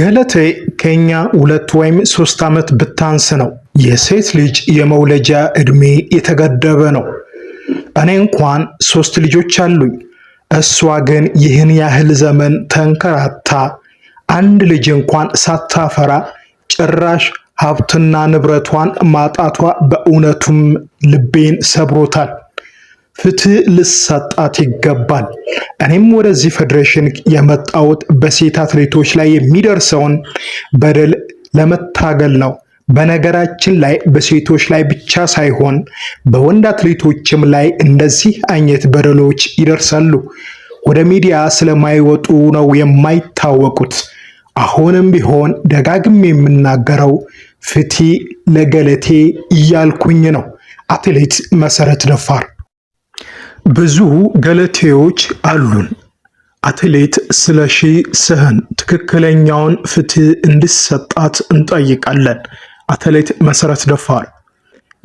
ገለቴ ከኛ ሁለት ወይም ሶስት ዓመት ብታንስ ነው። የሴት ልጅ የመውለጃ እድሜ የተገደበ ነው። እኔ እንኳን ሶስት ልጆች አሉኝ። እሷ ግን ይህን ያህል ዘመን ተንከራታ አንድ ልጅ እንኳን ሳታፈራ ጭራሽ ሀብትና ንብረቷን ማጣቷ በእውነቱም ልቤን ሰብሮታል። ፍትህ ልሰጣት ይገባል። እኔም ወደዚህ ፌዴሬሽን የመጣሁት በሴት አትሌቶች ላይ የሚደርሰውን በደል ለመታገል ነው። በነገራችን ላይ በሴቶች ላይ ብቻ ሳይሆን በወንድ አትሌቶችም ላይ እንደዚህ አይነት በደሎች ይደርሳሉ። ወደ ሚዲያ ስለማይወጡ ነው የማይታወቁት። አሁንም ቢሆን ደጋግሜ የምናገረው ፍትህ ለገለቴ እያልኩኝ ነው። አትሌት መሰረት ደፋር ብዙ ገለቴዎች አሉን። አትሌት ስለሺ ስህን ትክክለኛውን ፍትህ እንዲሰጣት እንጠይቃለን። አትሌት መሰረት ደፋር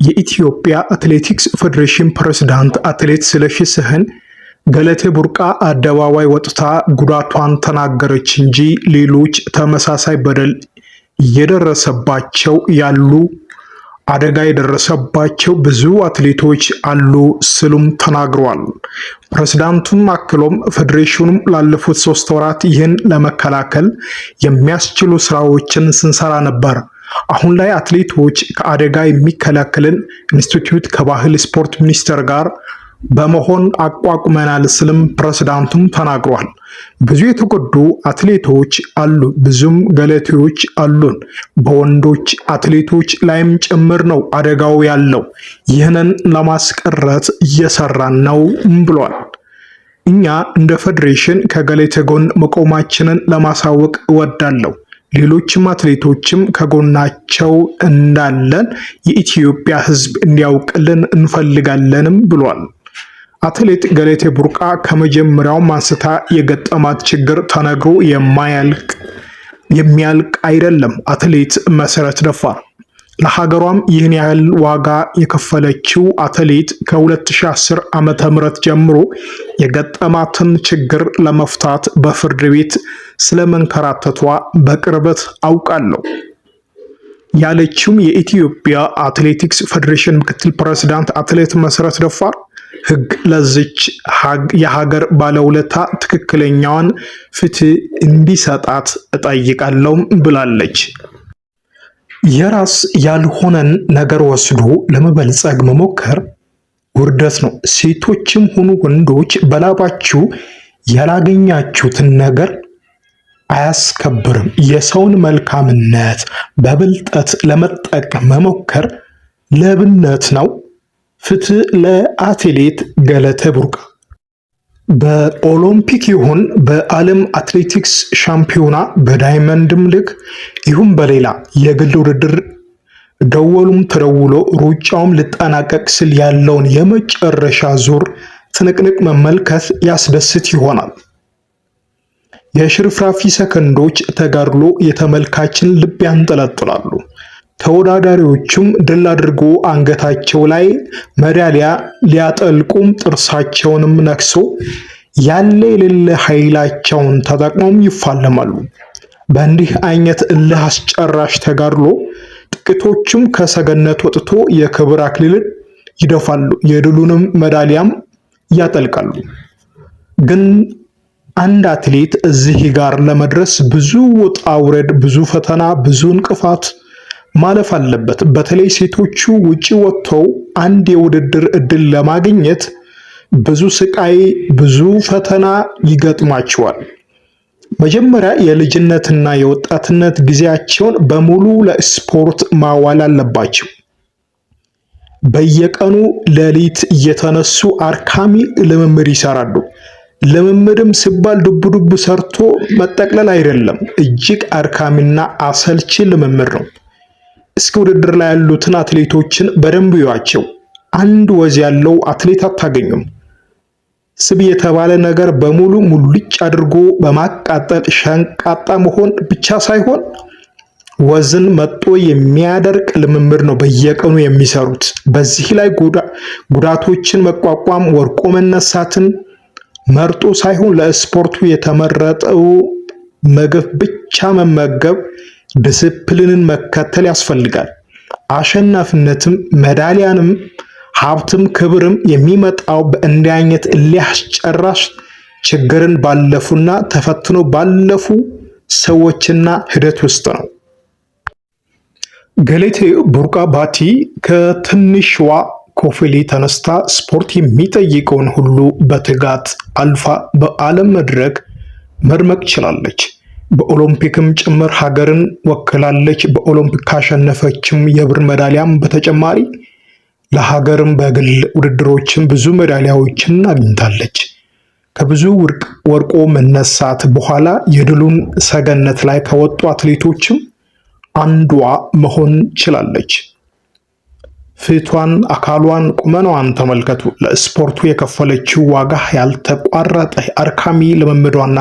የኢትዮጵያ አትሌቲክስ ፌዴሬሽን ፕሬዝዳንት አትሌት ስለሺ ስህን ገለቴ ቡርቃ አደባባይ ወጥታ ጉዳቷን ተናገረች እንጂ ሌሎች ተመሳሳይ በደል እየደረሰባቸው ያሉ አደጋ የደረሰባቸው ብዙ አትሌቶች አሉ ስሉም ተናግሯል። ፕሬዝዳንቱም አክሎም ፌዴሬሽኑም ላለፉት ሶስት ወራት ይህን ለመከላከል የሚያስችሉ ስራዎችን ስንሰራ ነበር። አሁን ላይ አትሌቶች ከአደጋ የሚከላከልን ኢንስቲትዩት ከባህል ስፖርት ሚኒስቴር ጋር በመሆን አቋቁመናል ስልም ፕሬዝዳንቱም ተናግሯል። ብዙ የተጎዱ አትሌቶች አሉ። ብዙም ገለቴዎች አሉን። በወንዶች አትሌቶች ላይም ጭምር ነው አደጋው ያለው። ይህንን ለማስቀረት እየሰራን ነው ብሏል። እኛ እንደ ፌዴሬሽን ከገለቴ ጎን መቆማችንን ለማሳወቅ እወዳለሁ። ሌሎችም አትሌቶችም ከጎናቸው እንዳለን የኢትዮጵያ ሕዝብ እንዲያውቅልን እንፈልጋለንም ብሏል። አትሌት ገለቴ ቡርቃ ከመጀመሪያውም አንስታ የገጠማት ችግር ተነግሮ የማያልቅ የሚያልቅ አይደለም። አትሌት መሰረት ደፋር ለሀገሯም ይህን ያህል ዋጋ የከፈለችው አትሌት ከ2010 ዓመተ ምህረት ጀምሮ የገጠማትን ችግር ለመፍታት በፍርድ ቤት ስለመንከራተቷ በቅርበት አውቃለሁ ያለችውም የኢትዮጵያ አትሌቲክስ ፌዴሬሽን ምክትል ፕሬዝዳንት አትሌት መሰረት ደፋር ህግ ለዚች የሀገር ባለውለታ ትክክለኛዋን ፍትህ እንዲሰጣት እጠይቃለሁ ብላለች። የራስ ያልሆነን ነገር ወስዶ ለመበልጸግ መሞከር ውርደት ነው። ሴቶችም ሆኑ ወንዶች በላባችሁ ያላገኛችሁትን ነገር አያስከብርም። የሰውን መልካምነት በብልጠት ለመጠቀም መሞከር ለብነት ነው። ፍትህ ለአትሌት ገለቴ ቡርቃ። በኦሎምፒክ ይሁን በዓለም አትሌቲክስ ሻምፒዮና በዳይመንድም ልክ ይሁን በሌላ የግል ውድድር ደወሉም ተደውሎ ሩጫውም ልጠናቀቅ ስል ያለውን የመጨረሻ ዙር ትንቅንቅ መመልከት ያስደስት ይሆናል። የሽርፍራፊ ሰከንዶች ተጋድሎ የተመልካችን ልብ ያንጠለጥላሉ። ተወዳዳሪዎቹም ድል አድርጎ አንገታቸው ላይ መዳሊያ ሊያጠልቁም ጥርሳቸውንም ነክሶ ያለ የሌለ ኃይላቸውን ተጠቅመውም ይፋለማሉ። በእንዲህ አይነት እልህ አስጨራሽ ተጋድሎ ጥቂቶቹም ከሰገነት ወጥቶ የክብር አክሊልን ይደፋሉ፣ የድሉንም ሜዳሊያም ያጠልቃሉ። ግን አንድ አትሌት እዚህ ጋር ለመድረስ ብዙ ውጣ ውረድ፣ ብዙ ፈተና፣ ብዙ እንቅፋት ማለፍ አለበት። በተለይ ሴቶቹ ውጪ ወጥተው አንድ የውድድር እድል ለማግኘት ብዙ ስቃይ፣ ብዙ ፈተና ይገጥማቸዋል። መጀመሪያ የልጅነትና የወጣትነት ጊዜያቸውን በሙሉ ለስፖርት ማዋል አለባቸው። በየቀኑ ሌሊት እየተነሱ አርካሚ ልምምድ ይሰራሉ። ልምምድም ሲባል ዱብ ዱብ ሰርቶ መጠቅለል አይደለም፣ እጅግ አርካሚና አሰልቺ ልምምድ ነው። እስኪ ውድድር ላይ ያሉትን አትሌቶችን በደንብ እዩዋቸው። አንድ ወዝ ያለው አትሌት አታገኙም። ስብ የተባለ ነገር በሙሉ ሙልጭ አድርጎ በማቃጠል ሸንቃጣ መሆን ብቻ ሳይሆን ወዝን መጦ የሚያደርቅ ልምምድ ነው በየቀኑ የሚሰሩት። በዚህ ላይ ጉዳቶችን መቋቋም፣ ወርቆ መነሳትን መርጦ ሳይሆን ለስፖርቱ የተመረጠው ምግብ ብቻ መመገብ ዲስፕሊንን መከተል ያስፈልጋል። አሸናፊነትም መዳሊያንም ሀብትም ክብርም የሚመጣው በእንዲህ አይነት ሊያስጨራሽ ችግርን ባለፉና ተፈትኖ ባለፉ ሰዎችና ሂደት ውስጥ ነው። ገሌቴ ቡርቃ ባቲ ከትንሽዋ ኮፍሌ ተነስታ ስፖርት የሚጠይቀውን ሁሉ በትጋት አልፋ በዓለም መድረክ መድመቅ ችላለች። በኦሎምፒክም ጭምር ሀገርን ወክላለች። በኦሎምፒክ ካሸነፈችም የብር ሜዳሊያም በተጨማሪ ለሀገርም በግል ውድድሮችም ብዙ ሜዳሊያዎችን አግኝታለች። ከብዙ ወርቆ መነሳት በኋላ የድሉን ሰገነት ላይ ከወጡ አትሌቶችም አንዷ መሆን ችላለች። ፊቷን፣ አካሏን፣ ቁመናዋን ተመልከቱ። ለስፖርቱ የከፈለችው ዋጋ ያልተቋረጠ አርካሚ ልምምዷና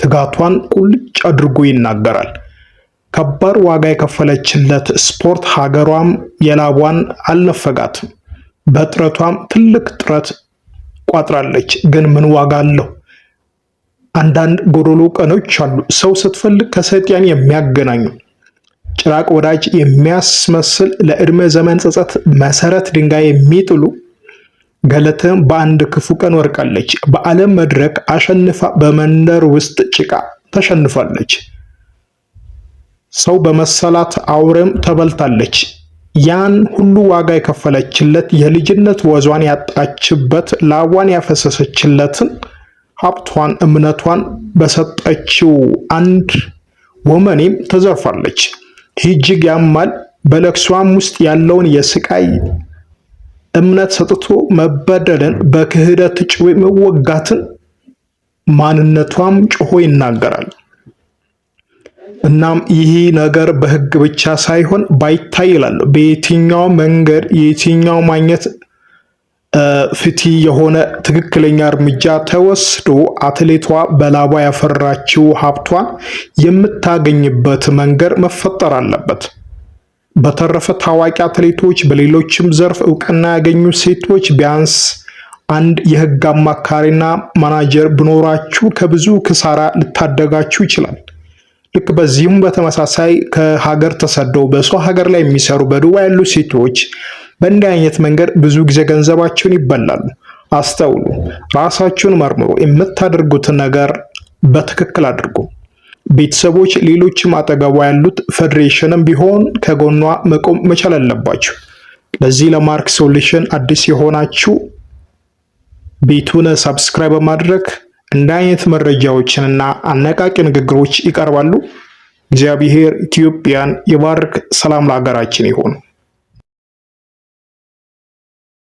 ትጋቷን ቁልጭ አድርጎ ይናገራል። ከባድ ዋጋ የከፈለችለት ስፖርት ሀገሯም የላቧን አልነፈጋትም። በጥረቷም ትልቅ ጥረት ቋጥራለች። ግን ምን ዋጋ አለው? አንዳንድ ጎዶሎ ቀኖች አሉ፣ ሰው ስትፈልግ ከሰይጣን የሚያገናኙ ጭራቅ ወዳጅ የሚያስመስል ለዕድሜ ዘመን ጸጸት መሰረት ድንጋይ የሚጥሉ ገለትም በአንድ ክፉ ቀን ወርቃለች። በዓለም መድረክ አሸንፋ በመንደር ውስጥ ጭቃ ተሸንፋለች። ሰው በመሰላት አውሬም ተበልታለች። ያን ሁሉ ዋጋ የከፈለችለት የልጅነት ወዟን ያጣችበት ላቧን ያፈሰሰችለትን ሀብቷን እምነቷን በሰጠችው አንድ ወመኔም ተዘርፋለች። ይህ እጅግ ያማል። በለቅሷም ውስጥ ያለውን የስቃይ እምነት ሰጥቶ መበደልን በክህደት ጭዌ መወጋትን ማንነቷም ጭሆ ይናገራል። እናም ይህ ነገር በህግ ብቻ ሳይሆን ባይታይ ይላል። በየትኛው መንገድ የትኛው ማግኘት ፍቲ የሆነ ትክክለኛ እርምጃ ተወስዶ አትሌቷ በላቧ ያፈራችው ሀብቷን የምታገኝበት መንገድ መፈጠር አለበት። በተረፈ ታዋቂ አትሌቶች፣ በሌሎችም ዘርፍ እውቅና ያገኙ ሴቶች ቢያንስ አንድ የህግ አማካሪና ማናጀር ቢኖራችሁ ከብዙ ክሳራ ልታደጋችሁ ይችላል። ልክ በዚሁም በተመሳሳይ ከሀገር ተሰደው በሰው ሀገር ላይ የሚሰሩ በዱባ ያሉ ሴቶች በእንዲህ አይነት መንገድ ብዙ ጊዜ ገንዘባቸውን ይበላሉ። አስተውሉ፣ ራሳችሁን መርምሩ። የምታደርጉትን ነገር በትክክል አድርጉም። ቤተሰቦች፣ ሌሎችም አጠገቧ ያሉት ፌዴሬሽንም ቢሆን ከጎኗ መቆም መቻል አለባቸው። ለዚህ ለማርክ ሶሉሽን አዲስ የሆናችሁ ቤቱን ሰብስክራይብ በማድረግ እንደ አይነት መረጃዎችንና አነቃቂ ንግግሮች ይቀርባሉ። እግዚአብሔር ኢትዮጵያን ይባርክ። ሰላም ለሀገራችን ይሁን።